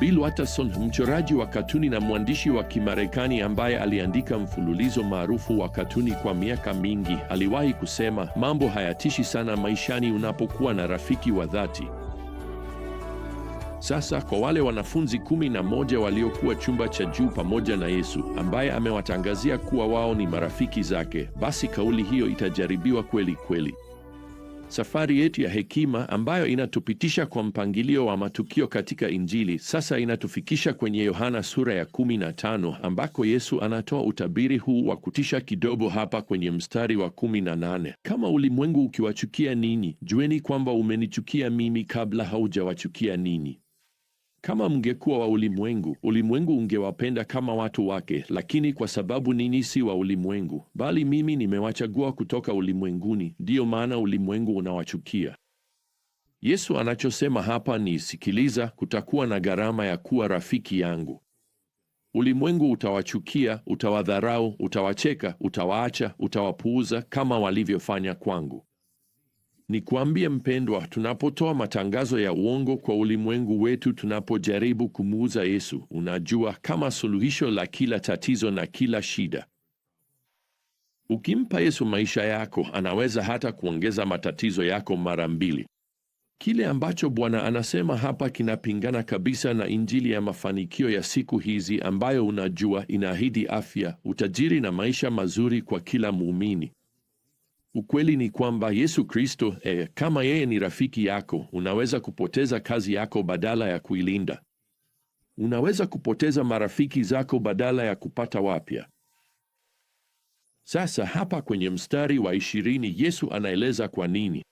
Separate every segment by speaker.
Speaker 1: Bill Watterson, mchoraji wa katuni na mwandishi wa Kimarekani ambaye aliandika mfululizo maarufu wa katuni kwa miaka mingi, aliwahi kusema, mambo hayatishi sana maishani unapokuwa na rafiki wa dhati. Sasa kwa wale wanafunzi kumi na moja waliokuwa chumba cha juu pamoja na Yesu ambaye amewatangazia kuwa wao ni marafiki zake, basi kauli hiyo itajaribiwa kweli kweli. Safari yetu ya hekima ambayo inatupitisha kwa mpangilio wa matukio katika Injili sasa inatufikisha kwenye Yohana sura ya 15 ambako Yesu anatoa utabiri huu wa kutisha kidogo hapa kwenye mstari wa 18: kama ulimwengu ukiwachukia ninyi, jueni kwamba umenichukia mimi kabla haujawachukia ninyi. Kama mngekuwa wa ulimwengu, ulimwengu ungewapenda kama watu wake, lakini kwa sababu ninyi si wa ulimwengu, bali mimi nimewachagua kutoka ulimwenguni, ndiyo maana ulimwengu unawachukia. Yesu anachosema hapa ni sikiliza, kutakuwa na gharama ya kuwa rafiki yangu. Ulimwengu utawachukia, utawadharau, utawacheka, utawaacha, utawapuuza kama walivyofanya kwangu. Nikwambie mpendwa, tunapotoa matangazo ya uongo kwa ulimwengu wetu, tunapojaribu kumuuza Yesu, unajua, kama suluhisho la kila tatizo na kila shida. Ukimpa Yesu maisha yako, anaweza hata kuongeza matatizo yako mara mbili. Kile ambacho Bwana anasema hapa kinapingana kabisa na injili ya mafanikio ya siku hizi ambayo unajua inaahidi afya, utajiri na maisha mazuri kwa kila muumini. Ukweli ni kwamba Yesu Kristo, e, kama yeye ni rafiki yako, unaweza kupoteza kazi yako badala ya kuilinda. Unaweza kupoteza marafiki zako badala ya kupata wapya. Sasa hapa kwenye mstari wa ishirini Yesu anaeleza kwa nini.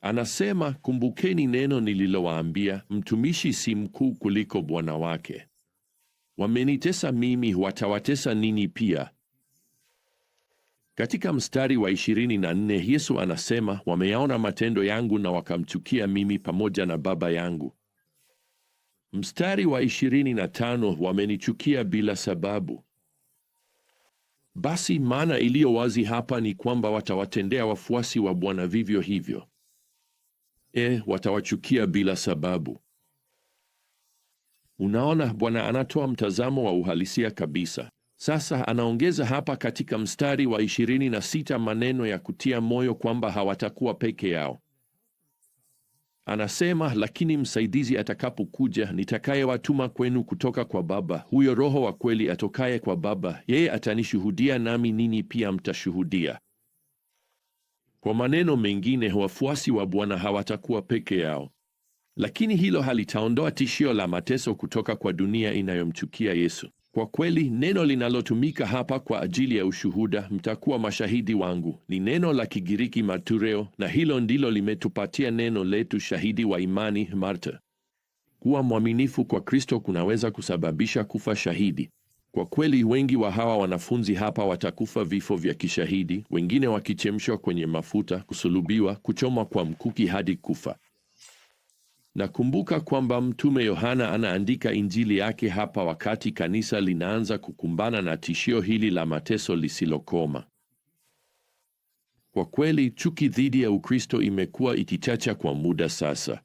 Speaker 1: Anasema, kumbukeni neno nililowaambia, mtumishi si mkuu kuliko bwana wake. Wamenitesa mimi, watawatesa ninyi pia. Katika mstari wa ishirini na nne Yesu anasema, wameyaona matendo yangu na wakamchukia mimi pamoja na Baba yangu. Mstari wa ishirini na tano wamenichukia bila sababu. Basi maana iliyo wazi hapa ni kwamba watawatendea wafuasi wa Bwana vivyo hivyo. E, watawachukia bila sababu. Unaona, Bwana anatoa mtazamo wa uhalisia kabisa. Sasa anaongeza hapa katika mstari wa 26 maneno ya kutia moyo kwamba hawatakuwa peke yao. Anasema, lakini msaidizi atakapokuja, nitakayewatuma kwenu kutoka kwa Baba, huyo Roho wa kweli atokaye kwa Baba, yeye atanishuhudia, nami ninyi pia mtashuhudia. Kwa maneno mengine, wafuasi wa Bwana hawatakuwa peke yao, lakini hilo halitaondoa tishio la mateso kutoka kwa dunia inayomchukia Yesu. Kwa kweli neno linalotumika hapa kwa ajili ya ushuhuda, mtakuwa mashahidi wangu, ni neno la Kigiriki martureo, na hilo ndilo limetupatia neno letu shahidi wa imani martyr. Kuwa mwaminifu kwa Kristo kunaweza kusababisha kufa shahidi. Kwa kweli wengi wa hawa wanafunzi hapa watakufa vifo vya kishahidi, wengine wakichemshwa kwenye mafuta, kusulubiwa, kuchomwa kwa mkuki hadi kufa. Nakumbuka kwamba Mtume Yohana anaandika injili yake hapa wakati kanisa linaanza kukumbana na tishio hili la mateso lisilokoma. Kwa kweli, chuki dhidi ya Ukristo imekuwa ikichacha kwa muda sasa.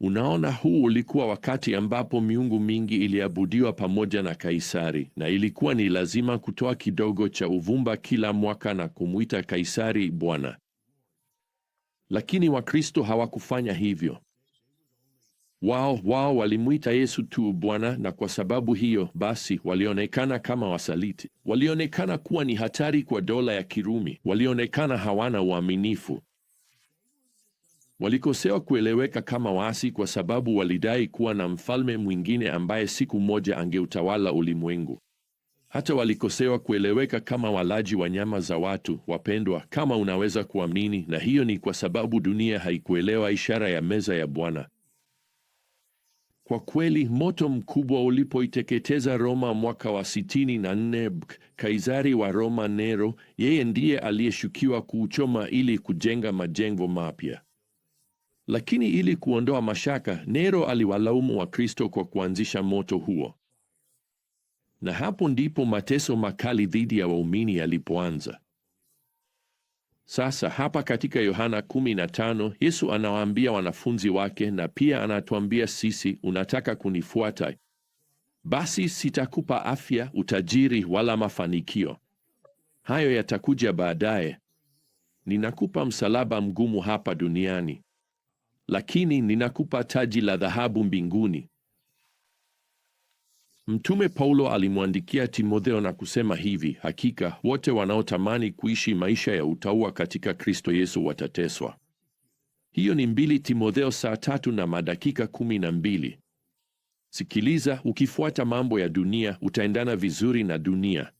Speaker 1: Unaona, huu ulikuwa wakati ambapo miungu mingi iliabudiwa pamoja na Kaisari, na ilikuwa ni lazima kutoa kidogo cha uvumba kila mwaka na kumwita Kaisari Bwana. Lakini Wakristo hawakufanya hivyo. Wao wao walimwita Yesu tu Bwana, na kwa sababu hiyo basi walionekana kama wasaliti, walionekana kuwa ni hatari kwa dola ya Kirumi, walionekana hawana uaminifu, walikosewa kueleweka kama waasi, kwa sababu walidai kuwa na mfalme mwingine ambaye siku moja angeutawala ulimwengu. Hata walikosewa kueleweka kama walaji wa nyama za watu wapendwa, kama unaweza kuamini. Na hiyo ni kwa sababu dunia haikuelewa ishara ya meza ya Bwana. Kwa kweli moto mkubwa ulipoiteketeza Roma mwaka wa 64 b Kaisari wa Roma Nero, yeye ndiye aliyeshukiwa kuuchoma ili kujenga majengo mapya. Lakini ili kuondoa mashaka, Nero aliwalaumu Wakristo kwa kuanzisha moto huo na hapo ndipo mateso makali dhidi ya waumini yalipoanza. Sasa hapa katika Yohana 15 Yesu anawaambia wanafunzi wake na pia anatuambia sisi, unataka kunifuata? Basi sitakupa afya, utajiri wala mafanikio. Hayo yatakuja baadaye. Ninakupa msalaba mgumu hapa duniani, lakini ninakupa taji la dhahabu mbinguni. Mtume Paulo alimwandikia Timotheo na kusema hivi, hakika wote wanaotamani kuishi maisha ya utauwa katika Kristo Yesu watateswa. Hiyo ni mbili Timotheo saa tatu na madakika kumi na mbili. Sikiliza, ukifuata mambo ya dunia utaendana vizuri na dunia,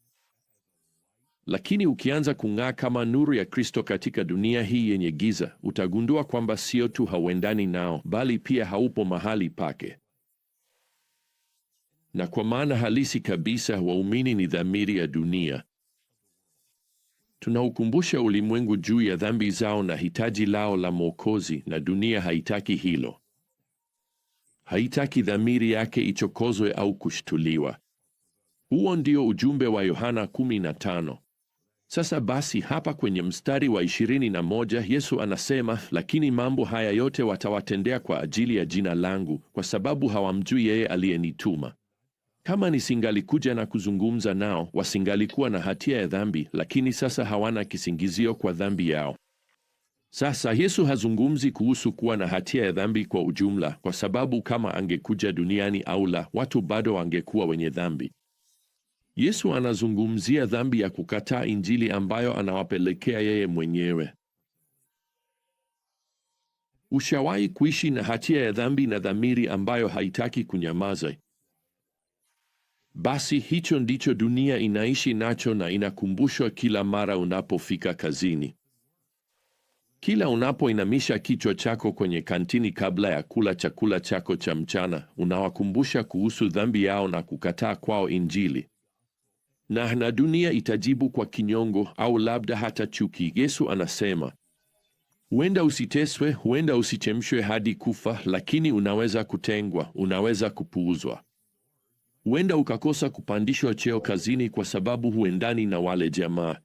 Speaker 1: lakini ukianza kung'aa kama nuru ya Kristo katika dunia hii yenye giza, utagundua kwamba sio tu hauendani nao, bali pia haupo mahali pake na kwa maana halisi kabisa waumini ni dhamiri ya dunia. Tunaukumbusha ulimwengu juu ya dhambi zao na hitaji lao la Mwokozi, na dunia haitaki hilo. Haitaki dhamiri yake ichokozwe au kushtuliwa. Huo ndio ujumbe wa Yohana 15. Sasa basi, hapa kwenye mstari wa 21 Yesu anasema, lakini mambo haya yote watawatendea kwa ajili ya jina langu, kwa sababu hawamjui yeye aliyenituma. Kama nisingalikuja na kuzungumza nao, wasingalikuwa na hatia ya dhambi, lakini sasa hawana kisingizio kwa dhambi yao. Sasa Yesu hazungumzi kuhusu kuwa na hatia ya dhambi kwa ujumla, kwa sababu kama angekuja duniani au la, watu bado wangekuwa wenye dhambi. Yesu anazungumzia dhambi ya kukataa Injili ambayo anawapelekea yeye mwenyewe. Ushawahi kuishi na hatia ya dhambi na dhamiri ambayo haitaki kunyamaza? Basi hicho ndicho dunia inaishi nacho na inakumbushwa kila mara unapofika kazini. Kila unapoinamisha kichwa chako kwenye kantini kabla ya kula chakula chako cha mchana, unawakumbusha kuhusu dhambi yao na kukataa kwao Injili. Na na dunia itajibu kwa kinyongo au labda hata chuki. Yesu anasema, huenda usiteswe, huenda usichemshwe hadi kufa, lakini unaweza kutengwa, unaweza kupuuzwa. Huenda ukakosa kupandishwa cheo kazini kwa sababu huendani na wale jamaa.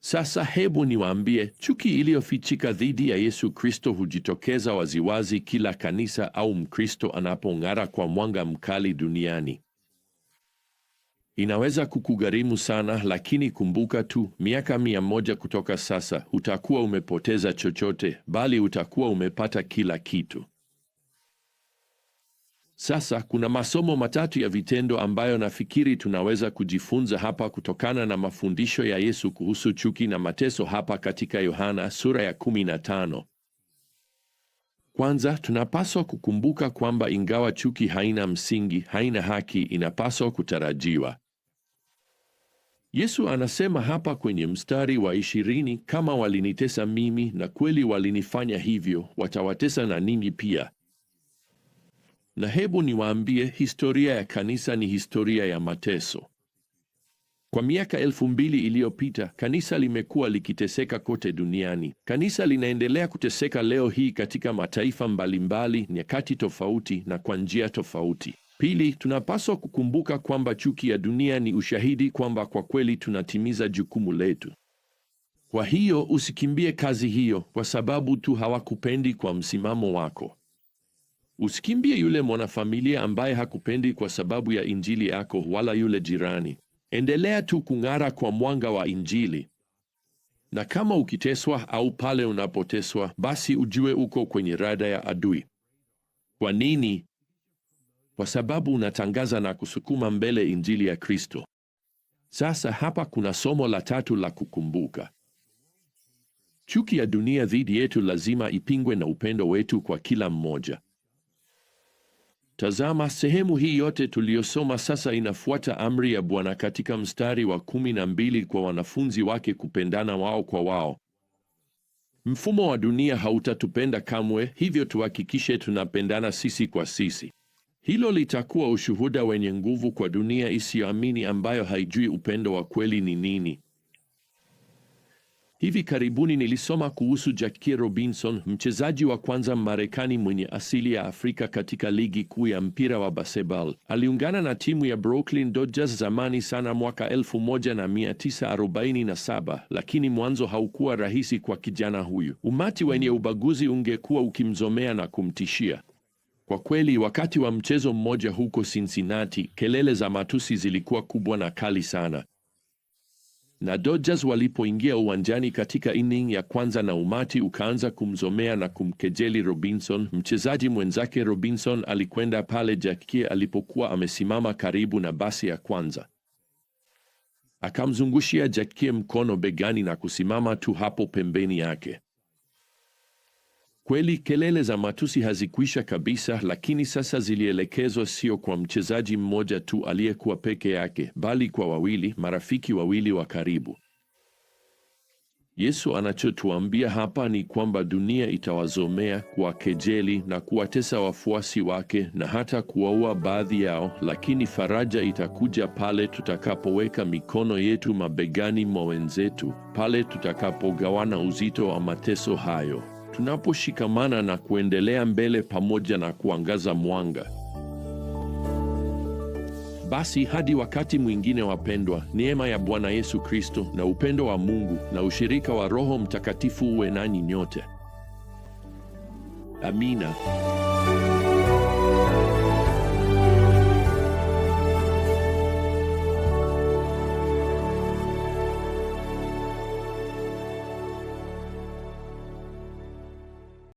Speaker 1: Sasa hebu niwaambie, chuki iliyofichika dhidi ya Yesu Kristo hujitokeza waziwazi kila kanisa au Mkristo anapong'ara kwa mwanga mkali duniani. Inaweza kukugharimu sana, lakini kumbuka tu, miaka mia moja kutoka sasa utakuwa umepoteza chochote, bali utakuwa umepata kila kitu. Sasa kuna masomo matatu ya vitendo ambayo nafikiri tunaweza kujifunza hapa kutokana na mafundisho ya Yesu kuhusu chuki na mateso hapa katika Yohana sura ya 15. Kwanza, tunapaswa kukumbuka kwamba ingawa chuki haina msingi, haina haki, inapaswa kutarajiwa. Yesu anasema hapa kwenye mstari wa ishirini, kama walinitesa mimi na kweli walinifanya hivyo, watawatesa na ninyi pia. Na hebu niwaambie, historia ya kanisa ni historia ya mateso. Kwa miaka elfu mbili iliyopita kanisa limekuwa likiteseka kote duniani. Kanisa linaendelea kuteseka leo hii katika mataifa mbalimbali, nyakati tofauti na kwa njia tofauti. Pili, tunapaswa kukumbuka kwamba chuki ya dunia ni ushahidi kwamba kwa kweli tunatimiza jukumu letu. Kwa hiyo usikimbie kazi hiyo kwa sababu tu hawakupendi kwa msimamo wako. Usikimbie yule mwanafamilia ambaye hakupendi kwa sababu ya injili yako, wala yule jirani. Endelea tu kung'ara kwa mwanga wa injili, na kama ukiteswa au pale unapoteswa, basi ujue uko kwenye rada ya adui. Kwa nini? Kwa sababu unatangaza na kusukuma mbele injili ya Kristo. Sasa hapa kuna somo la tatu la kukumbuka. Chuki ya dunia dhidi yetu lazima ipingwe na upendo wetu kwa kila mmoja. Tazama, sehemu hii yote tuliyosoma sasa inafuata amri ya Bwana katika mstari wa kumi na mbili kwa wanafunzi wake kupendana wao kwa wao. Mfumo wa dunia hautatupenda kamwe, hivyo tuhakikishe tunapendana sisi kwa sisi. Hilo litakuwa ushuhuda wenye nguvu kwa dunia isiyoamini ambayo haijui upendo wa kweli ni nini. Hivi karibuni nilisoma kuhusu Jackie Robinson, mchezaji wa kwanza Mmarekani mwenye asili ya Afrika katika ligi kuu ya mpira wa basketball. Aliungana na timu ya Brooklyn Dodgers zamani sana mwaka 1947, lakini mwanzo haukuwa rahisi kwa kijana huyu. Umati wenye ubaguzi ungekuwa ukimzomea na kumtishia. Kwa kweli, wakati wa mchezo mmoja huko Cincinnati, kelele za matusi zilikuwa kubwa na kali sana na Dodgers walipoingia uwanjani katika inning ya kwanza na umati ukaanza kumzomea na kumkejeli Robinson, mchezaji mwenzake Robinson alikwenda pale Jackie alipokuwa amesimama karibu na basi ya kwanza, akamzungushia Jackie mkono begani na kusimama tu hapo pembeni yake. Kweli kelele za matusi hazikuisha kabisa, lakini sasa zilielekezwa sio kwa mchezaji mmoja tu aliyekuwa peke yake, bali kwa wawili, marafiki wawili wa karibu. Yesu anachotuambia hapa ni kwamba dunia itawazomea, kuwakejeli na kuwatesa wafuasi wake na hata kuwaua baadhi yao, lakini faraja itakuja pale tutakapoweka mikono yetu mabegani mwa wenzetu, pale tutakapogawana uzito wa mateso hayo tunaposhikamana na kuendelea mbele pamoja na kuangaza mwanga. Basi hadi wakati mwingine, wapendwa, neema ya Bwana Yesu Kristo na upendo wa Mungu na ushirika wa Roho Mtakatifu uwe nanyi nyote. Amina.